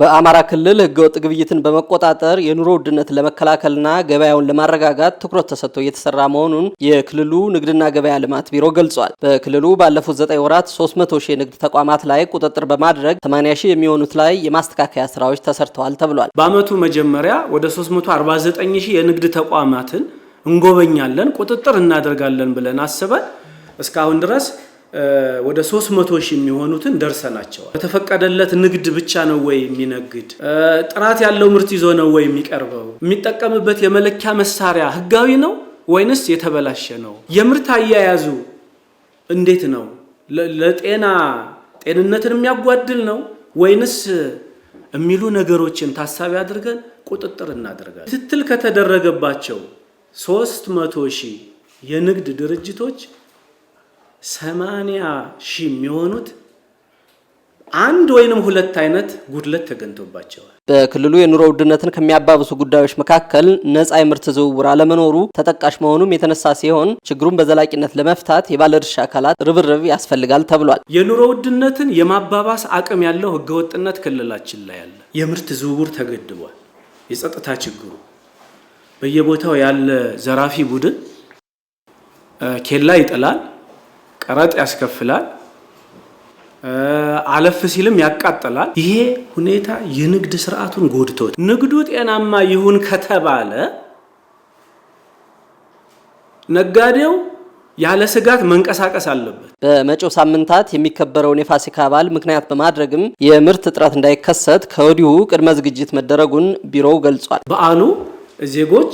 በአማራ ክልል ህገወጥ ግብይትን በመቆጣጠር የኑሮ ውድነት ለመከላከልና ገበያውን ለማረጋጋት ትኩረት ተሰጥቶ እየተሰራ መሆኑን የክልሉ ንግድና ገበያ ልማት ቢሮ ገልጿል። በክልሉ ባለፉት ዘጠኝ ወራት 300 ሺህ የንግድ ተቋማት ላይ ቁጥጥር በማድረግ 80 ሺህ የሚሆኑት ላይ የማስተካከያ ስራዎች ተሰርተዋል ተብሏል። በአመቱ መጀመሪያ ወደ 349 ሺህ የንግድ ተቋማትን እንጎበኛለን፣ ቁጥጥር እናደርጋለን ብለን አስበን እስካሁን ድረስ ወደ 300 ሺህ የሚሆኑትን ደርሰናቸዋል። በተፈቀደለት ንግድ ብቻ ነው ወይ የሚነግድ? ጥራት ያለው ምርት ይዞ ነው ወይ የሚቀርበው? የሚጠቀምበት የመለኪያ መሳሪያ ህጋዊ ነው ወይንስ የተበላሸ ነው? የምርት አያያዙ እንዴት ነው? ለጤና ጤንነትን የሚያጓድል ነው ወይንስ የሚሉ ነገሮችን ታሳቢ አድርገን ቁጥጥር እናደርጋለን። ክትትል ከተደረገባቸው 300 መቶ ሺህ የንግድ ድርጅቶች ሰማንያ ሺህ የሚሆኑት አንድ ወይንም ሁለት አይነት ጉድለት ተገኝቶባቸዋል። በክልሉ የኑሮ ውድነትን ከሚያባብሱ ጉዳዮች መካከል ነፃ የምርት ዝውውር አለመኖሩ ተጠቃሽ መሆኑም የተነሳ ሲሆን ችግሩን በዘላቂነት ለመፍታት የባለድርሻ አካላት ርብርብ ያስፈልጋል ተብሏል። የኑሮ ውድነትን የማባባስ አቅም ያለው ህገወጥነት ክልላችን ላይ አለ። የምርት ዝውውር ተገድቧል። የጸጥታ ችግሩ በየቦታው ያለ ዘራፊ ቡድን ኬላ ይጥላል። ቀረጥ ያስከፍላል፣ አለፍ ሲልም ያቃጥላል። ይሄ ሁኔታ የንግድ ስርዓቱን ጎድቶት ንግዱ ጤናማ ይሁን ከተባለ ነጋዴው ያለ ስጋት መንቀሳቀስ አለበት። በመጪው ሳምንታት የሚከበረውን የፋሲካ በዓል ምክንያት በማድረግም የምርት እጥረት እንዳይከሰት ከወዲሁ ቅድመ ዝግጅት መደረጉን ቢሮው ገልጿል። በዓሉ ዜጎች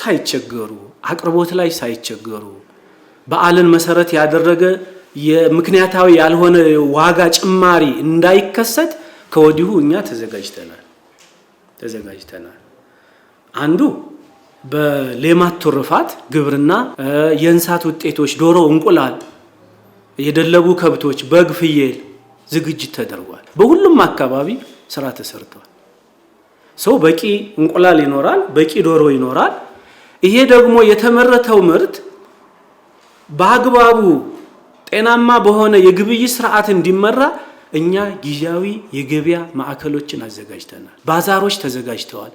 ሳይቸገሩ አቅርቦት ላይ ሳይቸገሩ በዓልን መሰረት ያደረገ ምክንያታዊ ያልሆነ ዋጋ ጭማሪ እንዳይከሰት ከወዲሁ እኛ ተዘጋጅተናል ተዘጋጅተናል። አንዱ በሌማት ትሩፋት ግብርና፣ የእንስሳት ውጤቶች ዶሮ፣ እንቁላል፣ የደለቡ ከብቶች፣ በግ፣ ፍየል ዝግጅት ተደርጓል። በሁሉም አካባቢ ስራ ተሰርቷል። ሰው በቂ እንቁላል ይኖራል፣ በቂ ዶሮ ይኖራል። ይሄ ደግሞ የተመረተው ምርት በአግባቡ ጤናማ በሆነ የግብይት ስርዓት እንዲመራ እኛ ጊዜያዊ የገበያ ማዕከሎችን አዘጋጅተናል። ባዛሮች ተዘጋጅተዋል።